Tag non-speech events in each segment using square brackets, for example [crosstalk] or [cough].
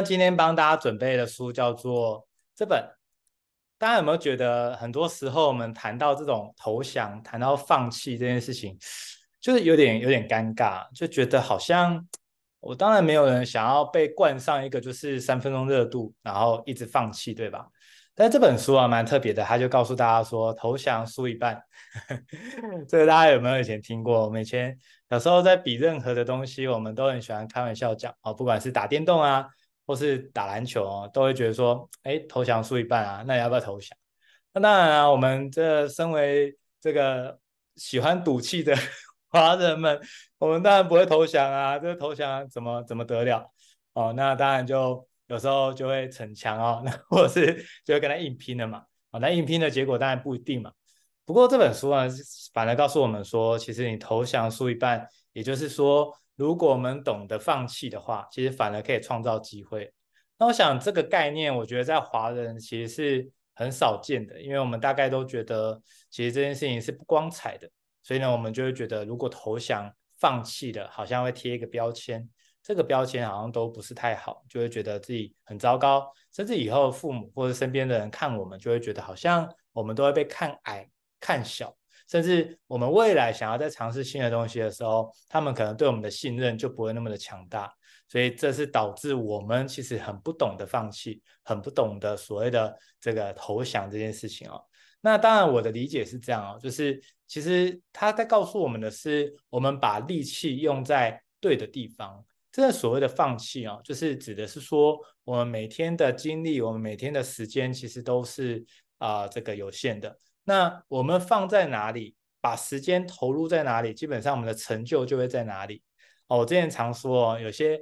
那今天幫大家準備的書叫做這本，大家有沒有覺得很多時候我們談到這種投降、談到放棄這件事情，就是有點有點尷尬，就覺得好像我當然沒有人想要被冠上一個就是三分鐘熱度，然後一直放棄，對吧？但這本書啊蠻特別的，它就告訴大家說投降輸一半， [laughs] 這個大家有沒有以前聽過？我們以前小時候在比任何的東西，我們都很喜歡開玩笑講哦，不管是打電動啊。或是打籃球、哦、都會覺得說，哎，投降輸一半啊，那你要不要投降？那當然啊，我們這身為這個喜歡賭氣的華人們，我們當然不會投降啊，這個投降怎麼怎麼得了？哦，那當然就有時候就會逞強哦，那或者是就會跟他硬拼了嘛，那、哦、硬拼的結果當然不一定嘛。不過這本書啊，反而告訴我們說，其實你投降輸一半，也就是說，如果我們懂得放棄的話，其實反而可以創造機會。那我想這個概念，我覺得在華人其實是很少見的，因為我們大概都覺得，其實這件事情是不光彩的。所以呢，我們就會覺得，如果投降、放棄的，好像會貼一個標籤，這個標籤好像都不是太好，就會覺得自己很糟糕，甚至以後父母或者身邊的人看我們，就會覺得好像我們都會被看矮、看小。甚至我們未來想要再嘗試新的東西的時候，他們可能對我們的信任就不會那麼的強大，所以這是導致我們其實很不懂得放棄，很不懂得所謂的這個投降這件事情哦。那當然，我的理解是這樣哦，就是其實他在告訴我們的是，我們把力氣用在對的地方。這所謂的放棄哦，就是指的是說，我們每天的精力，我們每天的時間，其實都是啊、呃、這個有限的。那我們放在哪裡，把時間投入在哪裡，基本上我們的成就就會在哪裡。哦，我之前常說哦，有些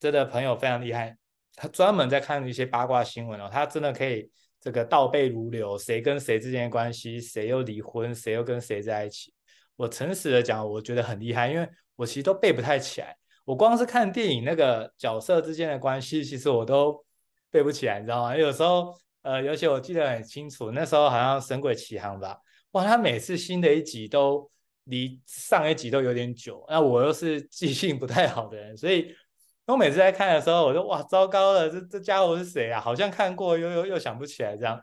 真的朋友非常厲害，他專門在看一些八卦新聞哦，他真的可以這個倒背如流，誰跟誰之間的關係，誰又離婚，誰又跟誰在一起。我誠實的講，我覺得很厲害，因為我其實都背不太起來。我光是看電影那個角色之間的關係，其實我都背不起來，你知道嗎？有時候。呃，尤其我記得很清楚，那時候好像《神鬼奇航》吧，哇，他每次新的一集都離上一集都有點久。那我又是記性不太好的人，所以我每次在看的時候，我說：“哇，糟糕了，這這傢伙是誰啊？好像看過，又又又想不起來。”這樣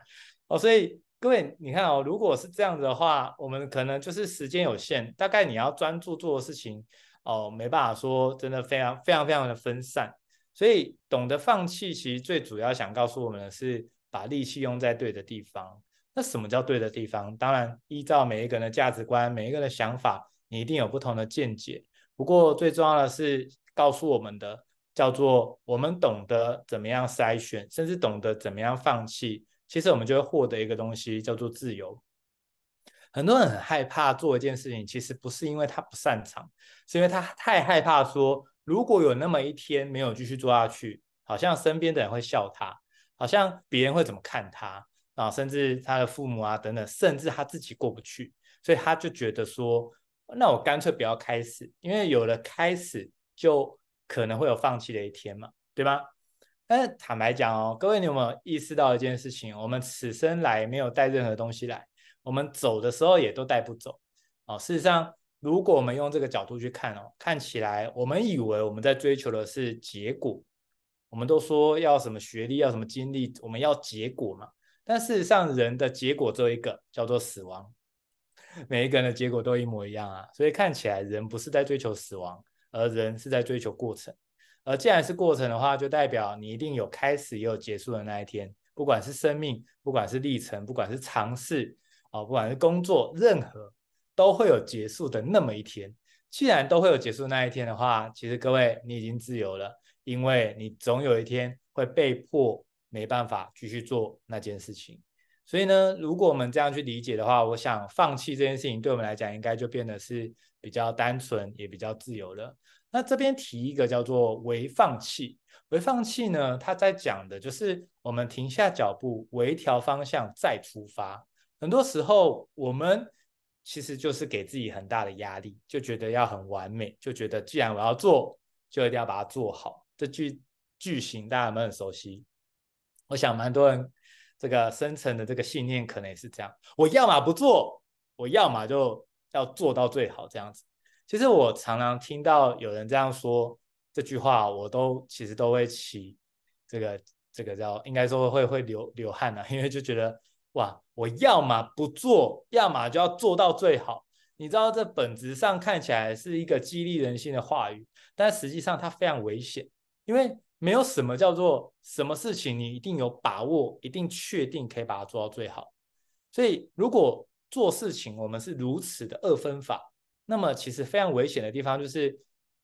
哦，所以各位，你看哦，如果是這樣子的話，我們可能就是時間有限，大概你要專注做的事情哦，沒辦法說真的非常非常非常的分散。所以懂得放棄，其實最主要想告訴我們的是。把力氣用在對的地方，那什麼叫對的地方？當然，依照每一個人的價值觀，每一個人的想法，你一定有不同的見解。不過最重要的是告訴我們的，叫做我們懂得怎麼樣篩選，甚至懂得怎麼樣放棄。其實我們就會獲得一個東西，叫做自由。很多人很害怕做一件事情，其實不是因為他不擅長，是因為他太害怕說，如果有那麼一天沒有繼續做下去，好像身邊的人會笑他。好像別人會怎麼看他啊，甚至他的父母啊，等等，甚至他自己過不去，所以他就覺得說，那我乾脆不要開始，因為有了開始，就可能會有放棄的一天嘛，對吧？但是坦白講哦，各位，你有沒有意識到一件事情？我們此生來沒有帶任何東西來，我們走的時候也都帶不走。哦、啊，事實上，如果我們用這個角度去看哦，看起來我們以為我們在追求的是結果。我們都說要什麼學歷，要什麼經歷，我們要結果嘛？但事實上，人的結果只有一個，叫做死亡。每一個人的結果都一模一樣啊，所以看起來人不是在追求死亡，而人是在追求過程。而既然是過程的話，就代表你一定有開始，也有結束的那一天。不管是生命，不管是歷程，不管是嘗試，啊、哦，不管是工作，任何都會有結束的那麼一天。既然都會有結束的那一天的話，其實各位，你已經自由了。因為你總有一天會被迫沒辦法繼續做那件事情，所以呢，如果我們這樣去理解的話，我想放棄這件事情，對我們來講應該就變得是比較單純，也比較自由了。那這邊提一個叫做“微放棄”，微放棄呢，它在講的就是我們停下腳步，微調方向再出發。很多時候，我們其實就是給自己很大的壓力，就覺得要很完美，就覺得既然我要做，就一定要把它做好。這句句型大家有沒有很熟悉？我想蠻多人這個深層的這個信念可能也是這樣。我要麼不做，我要麼就要做到最好，這樣子。其實我常常聽到有人這樣說這句話，我都其實都會起這個這個叫應該說，會會流流汗吶、啊，因為就覺得哇，我要麼不做，要麼就要做到最好。你知道這本質上看起來是一個激勵人心的話語，但實際上它非常危險。因為沒有什麼叫做什麼事情，你一定有把握，一定確定可以把它做到最好。所以，如果做事情我們是如此的二分法，那麼其實非常危險的地方就是，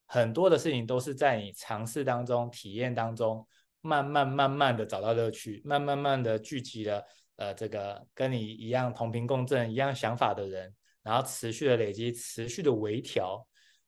很多的事情都是在你嘗試當中、體驗當中，慢慢慢慢的找到樂趣，慢慢慢慢的聚集了呃這個跟你一樣同頻共振、一樣想法的人，然後持續的累積，持續的微調。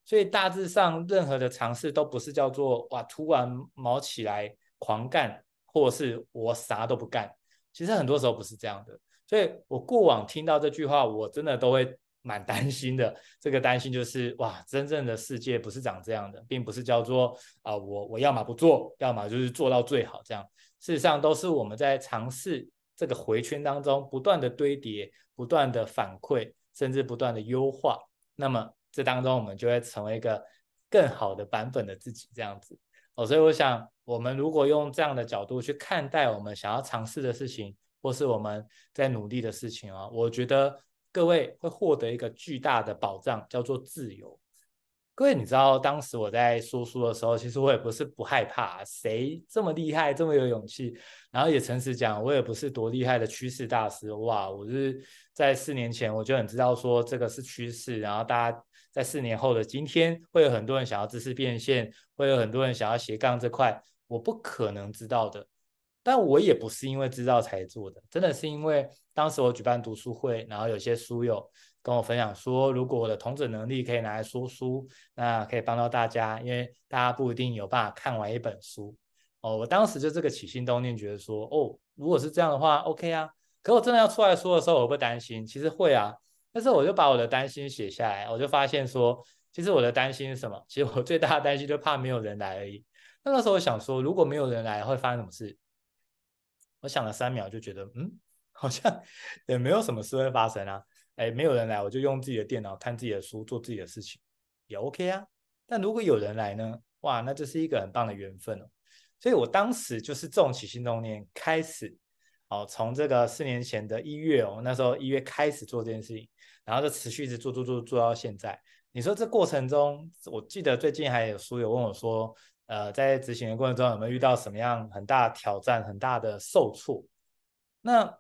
所以大致上，任何的嘗試都不是叫做哇，突然卯起來狂幹，或是我啥都不幹。其實很多時候不是這樣的。所以我過往聽到這句話，我真的都會蠻擔心的。這個擔心就是哇，真正的世界不是長這樣的，並不是叫做啊、呃，我我要麼不做，要麼就是做到最好這樣。事實上，都是我們在嘗試這個迴圈當中不，不斷的堆疊，不斷的反饋，甚至不斷的優化。那麼。這當中，我們就會成為一個更好的版本的自己，這樣子哦。所以，我想，我們如果用這樣的角度去看待我們想要嘗試的事情，或是我們在努力的事情啊、哦，我覺得各位會獲得一個巨大的保障，叫做自由。各位，你知道，當時我在說書的時候，其實我也不是不害怕、啊，誰這麼厲害，這麼有勇氣。然後也誠實講，我也不是多厲害的趨勢大師。哇，我是在四年前，我就很知道說這個是趨勢，然後大家。在四年後的今天，會有很多人想要知識變現，會有很多人想要斜槓這塊，我不可能知道的。但我也不是因為知道才做的，真的是因為當時我舉辦讀書會，然後有些書友跟我分享說，如果我的統整能力可以拿來說書，那可以幫到大家，因為大家不一定有辦法看完一本書。哦，我當時就這個起心動念，覺得說，哦，如果是這樣的話，OK 啊。可我真的要出來說的時候，我會不會擔心？其實會啊。但是我就把我的擔心寫下來，我就發現說，其實我的擔心是什麼？其實我最大的擔心就是怕沒有人來而已。那那時候我想說，如果沒有人來會發生什麼事？我想了三秒就覺得，嗯，好像也沒有什麼事會發生啊。誒、欸，沒有人來，我就用自己的電腦看自己的書，做自己的事情，也 OK 啊。但如果有人來呢？哇，那這是一個很棒的緣分哦、喔。所以我當時就是重起心動念開始。哦，從這個四年前的一月哦，那時候一月開始做這件事情，然後就持續一直做做做做到現在。你說這過程中，我記得最近還有書友問我說，呃，在執行的過程中有沒有遇到什麼樣很大的挑戰、很大的受挫？那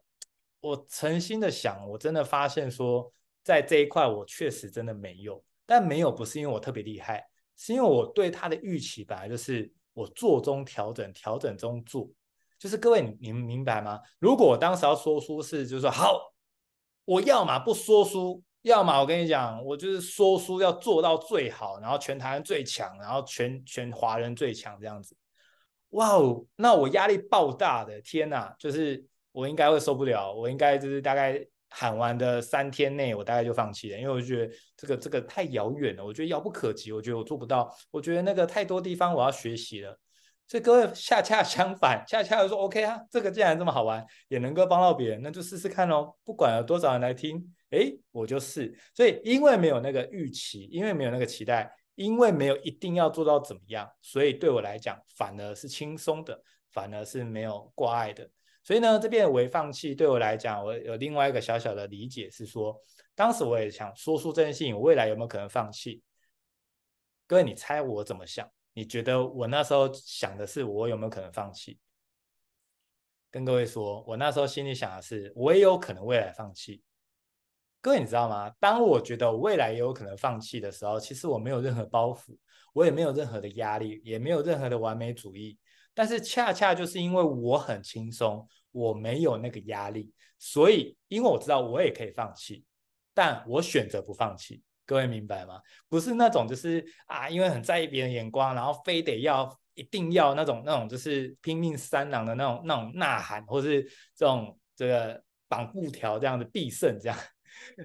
我誠心的想，我真的發現說，在這一塊我確實真的沒有。但沒有不是因為我特別厲害，是因為我對他的預期本來就是我做中調整，調整中做。就是各位，你們明白嗎？如果我當時要說書是，就是說好，我要嘛不說書，要嘛我跟你講，我就是說書要做到最好，然後全台灣最強，然後全全華人最強這樣子。哇哦，那我壓力爆大的，天哪，就是我應該會受不了，我應該就是大概喊完的三天內，我大概就放棄了，因為我覺得這個這個太遙遠了，我覺得遙不可及，我覺得我做不到，我覺得那個太多地方我要學習了。所以各位恰恰相反，恰恰就說 OK 啊，這個既然這麼好玩，也能夠幫到別人，那就試試看咯，不管有多少人來聽，誒，我就試。所以因為沒有那個預期，因為沒有那個期待，因為沒有一定要做到怎麼樣，所以對我來講反而是輕鬆的，反而是沒有掛礙的。所以呢，這邊我放棄，對我來講，我有另外一個小小的理解是說，當時我也想說出真心，我未來有沒有可能放棄？各位，你猜我怎麼想？你覺得我那時候想的是，我有沒有可能放棄？跟各位說，我那時候心裡想的是，我也有可能未來放棄。各位你知道嗎？當我覺得未來也有可能放棄的時候，其實我沒有任何包袱，我也沒有任何的壓力，也沒有任何的完美主義。但是恰恰就是因為我很輕鬆，我沒有那個壓力，所以因為我知道我也可以放棄，但我選擇不放棄。各位明白嗎？不是那種就是啊，因為很在意別人眼光，然後非得要一定要那種那種就是拼命三郎的那種那種吶喊，或是這種這個綁布條這樣的必勝這樣，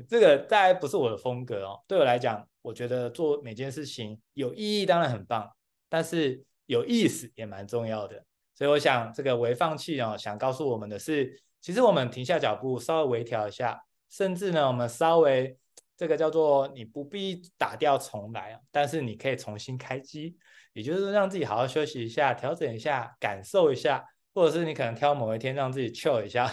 這個大概不是我的風格哦。對我來講，我覺得做每件事情有意義當然很棒，但是有意思也蠻重要的。所以我想這個微放棄哦，想告訴我們的是，其實我們停下腳步，稍微微調一下，甚至呢，我們稍微。這個叫做你不必打掉重來，但是你可以重新開機，也就是讓自己好好休息一下，調整一下，感受一下，或者是你可能挑某一天讓自己 chill 一下，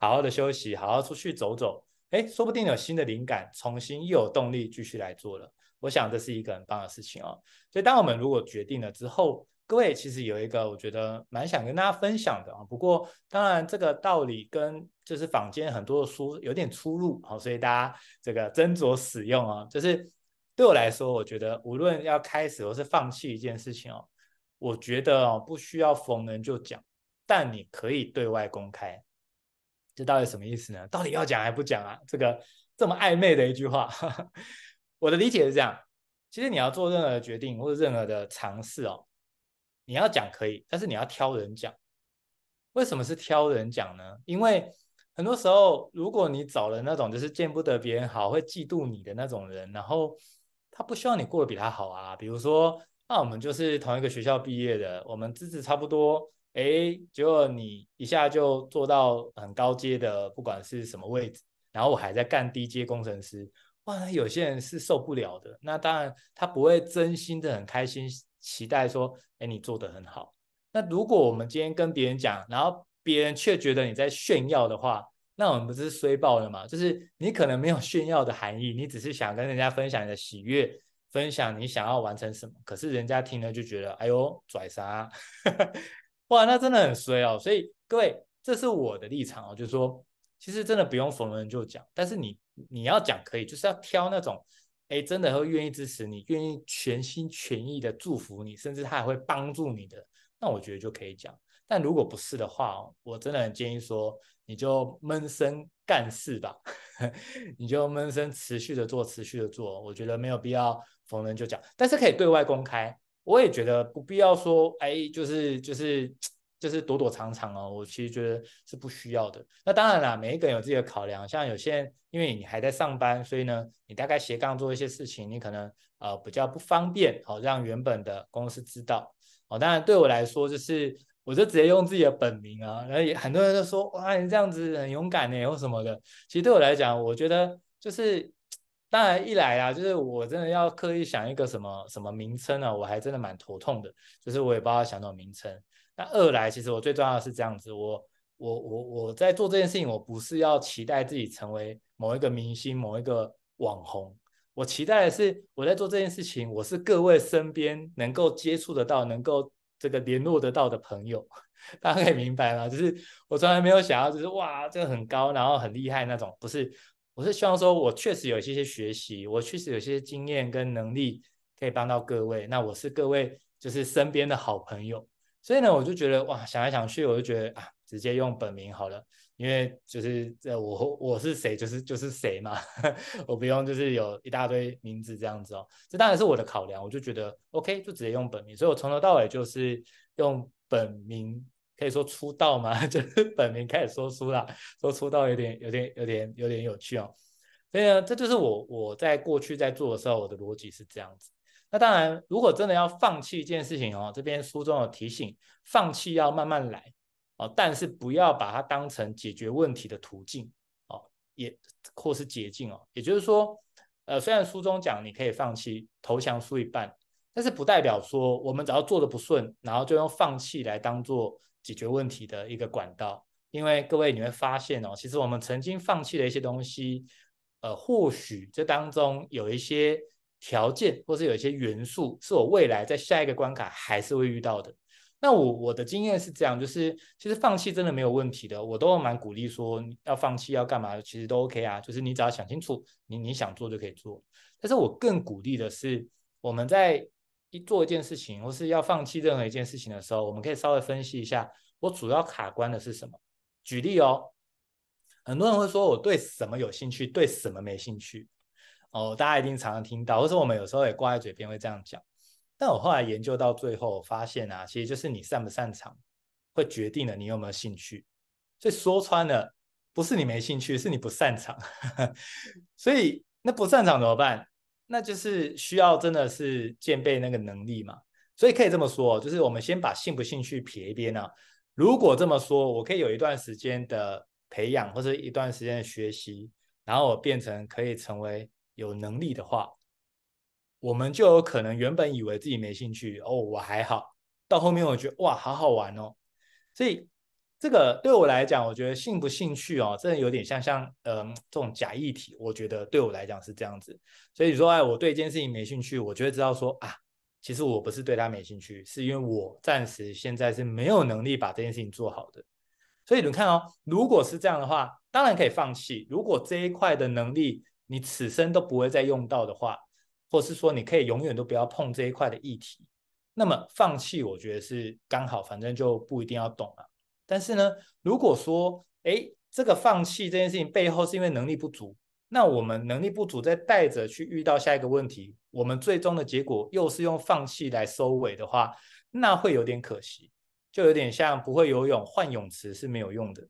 好好的休息，好好出去走走，哎，說不定有新的靈感，重新又有動力繼續來做了。我想這是一個很棒的事情哦。所以當我們如果決定了之後，各位其實有一個，我覺得蠻想跟大家分享的啊。不過當然這個道理跟就是坊間很多的書有點出入，好，所以大家這個斟酌使用啊。就是對我來說，我覺得無論要開始或是放棄一件事情哦，我覺得哦不需要逢人就講，但你可以對外公開。這到底什麼意思呢？到底要講還不講啊？這個這麼曖昧的一句話， [laughs] 我的理解是這樣。其實你要做任何的決定或者任何的嘗試哦。你要講可以，但是你要挑人講。為什麼是挑人講呢？因為很多時候，如果你找了那種就是見不得別人好、會嫉妒你的那種人，然後他不希望你過得比他好啊。比如說，那、啊、我們就是同一個學校畢業的，我們資質差不多，哎、欸，結果你一下就做到很高階的，不管是什麼位置，然後我還在幹低階工程師，哇，有些人是受不了的。那當然，他不會真心的很開心。期待說，哎，你做得很好。那如果我們今天跟別人講，然後別人卻覺得你在炫耀的話，那我們不是衰爆了嗎？就是你可能沒有炫耀的含義，你只是想跟人家分享你的喜悅，分享你想要完成什麼。可是人家聽了就覺得，哎呦，拽啥？ [laughs] 哇，那真的很衰哦。所以各位，這是我的立場哦，就是說，其實真的不用逢人就講，但是你你要講可以，就是要挑那種。哎，真的會願意支持你，願意全心全意的祝福你，甚至他還會幫助你的，那我覺得就可以講。但如果不是的話，我真的很建議說，你就悶聲幹事吧， [laughs] 你就悶聲持續的做，持續的做，我覺得沒有必要逢人就講，但是可以對外公開。我也覺得不必要說，哎，就是就是。就是躲躲藏藏哦，我其實覺得是不需要的。那當然啦，每一個人有自己的考量，像有些人因為你還在上班，所以呢，你大概斜槓做一些事情，你可能呃比較不方便哦，讓原本的公司知道哦。當然對我來說，就是我就直接用自己的本名啊，然後也很多人都說，哇，你這樣子很勇敢呢、欸，或什麼的。其實對我來講，我覺得就是當然一來啊，就是我真的要刻意想一個什麼什麼名稱啊，我還真的蠻頭痛的，就是我也不知道要想什麼名稱。那二來，其實我最重要的是這樣子我，我我我我在做這件事情，我不是要期待自己成為某一個明星、某一個網紅，我期待的是我在做這件事情，我是各位身邊能夠接觸得到、能夠這個聯絡得到的朋友，大家可以明白嗎？就是我從來沒有想要，就是哇，這個很高，然後很厲害那種，不是，我是希望說我確實有一些學習，我確實有一些經驗跟能力可以幫到各位，那我是各位就是身邊的好朋友。所以呢，我就覺得哇，想來想去，我就覺得啊，直接用本名好了，因為就是這我我是誰，就是就是誰嘛， [laughs] 我不用就是有一大堆名字這樣子哦。這當然是我的考量，我就覺得 OK，就直接用本名。所以我從頭到尾就是用本名，可以說出道嘛，就是本名開始說書啦，說出道有點有點有點有點有趣哦。所以呢，這就是我我在過去在做的時候，我的邏輯是這樣子。那當然，如果真的要放棄一件事情哦，這邊書中有提醒，放棄要慢慢來哦，但是不要把它當成解決問題的途徑哦，也或是捷徑哦。也就是說，呃，雖然書中講你可以放棄，投降輸一半，但是不代表說我們只要做得不順，然後就用放棄來當做解決問題的一個管道。因為各位你會發現哦，其實我們曾經放棄的一些東西，呃，或許這當中有一些。條件或是有一些元素，是我未來在下一個關卡還是會遇到的。那我我的經驗是這樣，就是其實放棄真的沒有問題的，我都蠻鼓勵說要放棄要幹嘛，其實都 OK 啊。就是你只要想清楚，你你想做就可以做。但是我更鼓勵的是，我們在一做一件事情或是要放棄任何一件事情的時候，我們可以稍微分析一下，我主要卡關的是什麼。舉例哦，很多人會說我對什麼有興趣，對什麼沒興趣。哦，大家一定常常聽到，或是我們有時候也掛在嘴邊會這樣講。但我後來研究到最後，發現啊，其實就是你擅不擅長，會決定了你有沒有興趣。所以說穿了，不是你沒興趣，是你不擅長。 [laughs] 所以那不擅長怎麼辦？那就是需要真的是漸備那個能力嘛。所以可以這麼說，就是我們先把興不興趣撇一邊啊。如果這麼說，我可以有一段時間的培養，或是一段時間的學習，然後我變成可以成為。有能力的話，我們就有可能原本以為自己沒興趣，哦，我還好。到後面我覺得哇，好好玩哦。所以這個對我來講，我覺得興不興趣哦，真的有點像像嗯，呃，這種假議題。我覺得對我來講是這樣子。所以說，哎，我對一件事情沒興趣，我就會知道說啊，其實我不是對他沒興趣，是因為我暫時現在是沒有能力把這件事情做好的。所以你看哦，如果是這樣的話，當然可以放棄。如果這一塊的能力，你此生都不會再用到的話，或是說你可以永遠都不要碰這一塊的議題，那麼放棄我覺得是剛好，反正就不一定要懂了。但是呢，如果說，誒，這個放棄這件事情背後是因為能力不足，那我們能力不足再帶着去遇到下一個問題，我們最終的結果又是用放棄來收尾的話，那會有點可惜，就有點像不會游泳換泳池是沒有用的。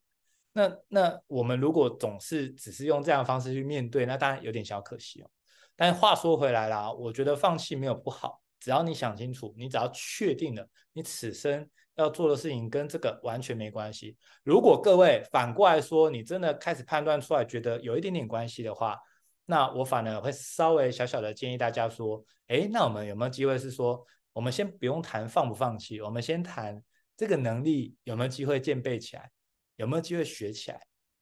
那那我們如果總是只是用這樣的方式去面對，那當然有點小可惜哦。但話說回來啦，我覺得放棄沒有不好，只要你想清楚，你只要確定了你此生要做的事情跟這個完全沒關係。如果各位反過來說，你真的開始判斷出來覺得有一點點關係的話，那我反而會稍微小小的建議大家說，哎，那我們有沒有機會是說，我們先不用談放不放棄，我們先談這個能力有沒有機會漸備起來。有沒有機會學起來？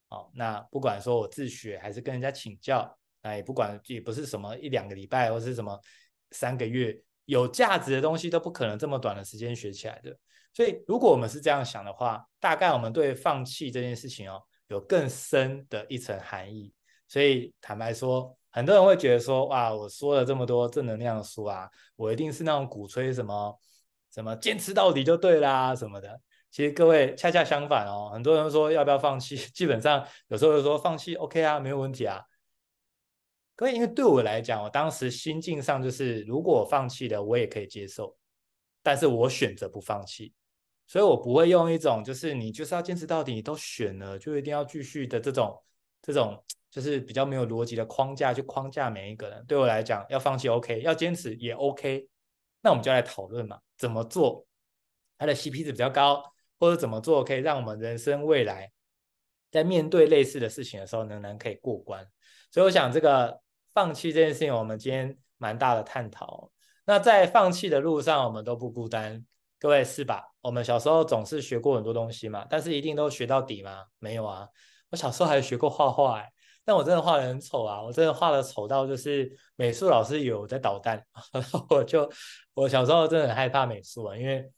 好、哦，那不管說我自學還是跟人家請教，那也不管也不是什麼一兩個禮拜或是什麼三個月，有價值的東西都不可能這麼短的時間學起來的。所以，如果我們是這樣想的話，大概我們對放棄這件事情哦，有更深的一層含義。所以，坦白說，很多人會覺得說，哇，我說了這麼多正能量的書啊，我一定是那種鼓吹什麼什麼堅持到底就對啦什麼的。其實各位恰恰相反哦，很多人說要不要放棄，基本上有時候就說放棄 OK 啊，沒有問題啊。各位，因為對我來講，我當時心境上就是，如果我放棄了，我也可以接受，但是我選擇不放棄，所以我不會用一種就是你就是要堅持到底，你都選了就一定要繼續的這種這種就是比較沒有邏輯的框架去框架每一個人。對我來講，要放棄 OK，要堅持也 OK，那我們就來討論嘛，怎麼做？它的 CP 值比較高。或者怎麼做可以讓我們人生未來在面對類似的事情的時候，仍然可以過關？所以我想，這個放棄這件事情，我們今天蠻大的探討。那在放棄的路上，我們都不孤單，各位是吧？我們小時候總是學過很多東西嘛，但是一定都學到底嗎？沒有啊，我小時候還學過畫畫，哎，但我真的畫得很醜啊，我真的畫得醜到就是美術老師有在搗蛋，我就我小時候真的很害怕美術啊，因為。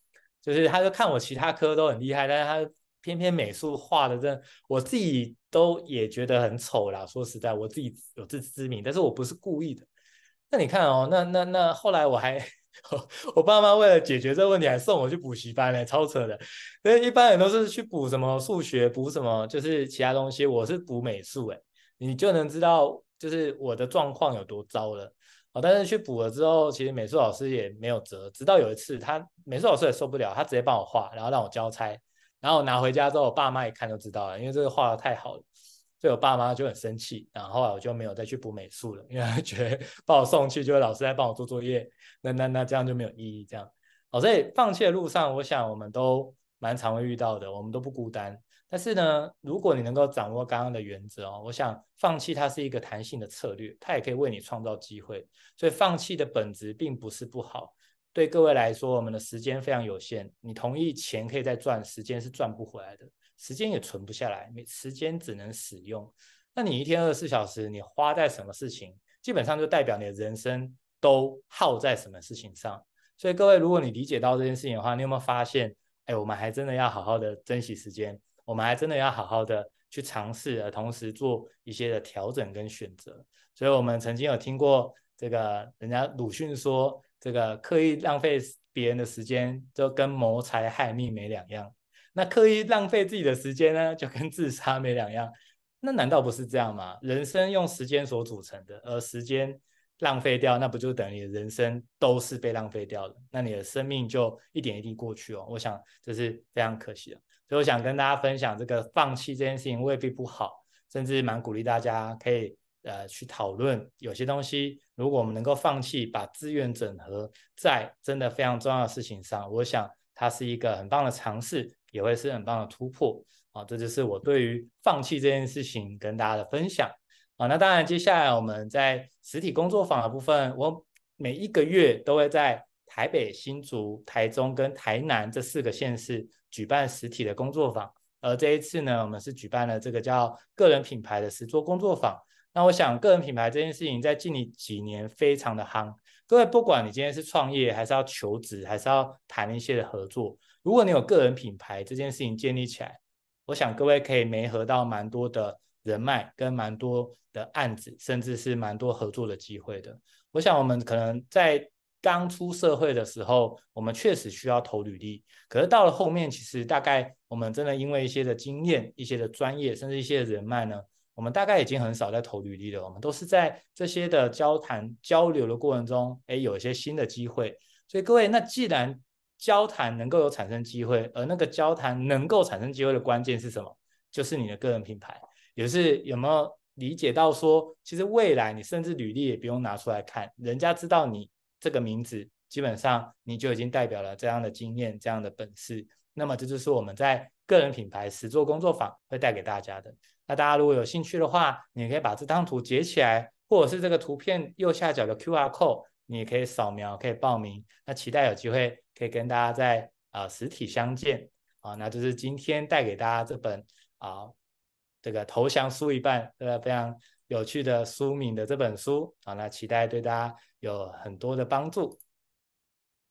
就是他就看我其他科都很厲害，但是他偏偏美術畫的這我自己都也覺得很醜啦。說實在，我自己有自知之明，但是我不是故意的。那你看哦，那那那後來我還我爸媽為了解決這個問題，還送我去補習班嘞、欸，超扯的。所以一般人都是去補什麼數學，補什麼就是其他東西，我是補美術誒、欸，你就能知道就是我的狀況有多糟了。哦，但是去補了之後，其實美術老師也沒有轍。直到有一次他，他美術老師也受不了，他直接幫我畫，然後讓我交差。然後我拿回家之後，我爸媽一看就知道了，因為這個畫的太好了，所以我爸媽就很生氣。然後後來我就沒有再去補美術了，因為他覺得把我送去，就是老師在幫我做作業，那那那，那這樣就沒有意義。這樣，哦，所以放棄的路上，我想我們都蠻常會遇到的，我們都不孤單。但是呢，如果你能夠掌握剛剛的原則哦，我想放棄它是一個彈性的策略，它也可以為你創造機會。所以放棄的本質並不是不好。對各位來說，我們的時間非常有限。你同意錢可以再賺，時間是賺不回來的，時間也存不下來，你時間只能使用。那你一天二十四小時，你花在什麼事情，基本上就代表你的人生都耗在什麼事情上。所以各位，如果你理解到這件事情的話，你有沒有發現，哎，我們還真的要好好的珍惜時間。我們還真的要好好的去嘗試，而同時做一些的調整跟選擇。所以，我們曾經有聽過這個人家魯迅說：“這個刻意浪費別人的時間，就跟謀財害命沒兩樣；那刻意浪費自己的時間呢，就跟自殺沒兩樣。那難道不是這樣嗎？人生用時間所組成的，而時間浪費掉，那不就等於人生都是被浪費掉了？那你的生命就一點一滴過去哦。我想這是非常可惜的。”所以我想跟大家分享，這個放棄這件事情未必不好，甚至蠻鼓勵大家可以呃去討論，有些東西如果我們能夠放棄，把資源整合在真的非常重要的事情上，我想它是一個很棒的嘗試，也會是很棒的突破。啊，這就是我對於放棄這件事情跟大家的分享。啊，那當然接下來我們在實體工作坊的部分，我每一個月都會在。台北、新竹、台中跟台南這四個縣市舉辦實體的工作坊，而這一次呢，我們是舉辦了這個叫個人品牌的實作工作坊。那我想，個人品牌這件事情在近幾年非常的夯。各位，不管你今天是創業，還是要求職，還是要談一些的合作，如果你有個人品牌這件事情建立起來，我想各位可以媒合到蠻多的人脈，跟蠻多的案子，甚至是蠻多合作的機會的。我想，我們可能在。當初社會的時候，我們確實需要投履歷，可是到了後面，其實大概我們真的因為一些的經驗、一些的專業，甚至一些的人脈呢，我們大概已經很少在投履歷了。我們都是在這些的交談交流的過程中，哎，有一些新的機會。所以各位，那既然交談能夠有產生機會，而那個交談能夠產生機會的關鍵是什麼？就是你的個人品牌，也、就是有沒有理解到說，其實未來你甚至履歷也不用拿出來看，人家知道你。這個名字基本上你就已經代表了這樣的經驗、這樣的本事。那麼這就是我們在個人品牌實作工作坊會帶給大家的。那大家如果有興趣的話，你可以把這張圖截起來，或者是這個圖片右下角的 QR Code，你也可以掃描，可以報名。那期待有機會可以跟大家在啊實體相見啊。那就是今天帶給大家這本啊這個投降輸一半，對不對？非常。有趣的書名的這本書啊，那期待對大家有很多的幫助。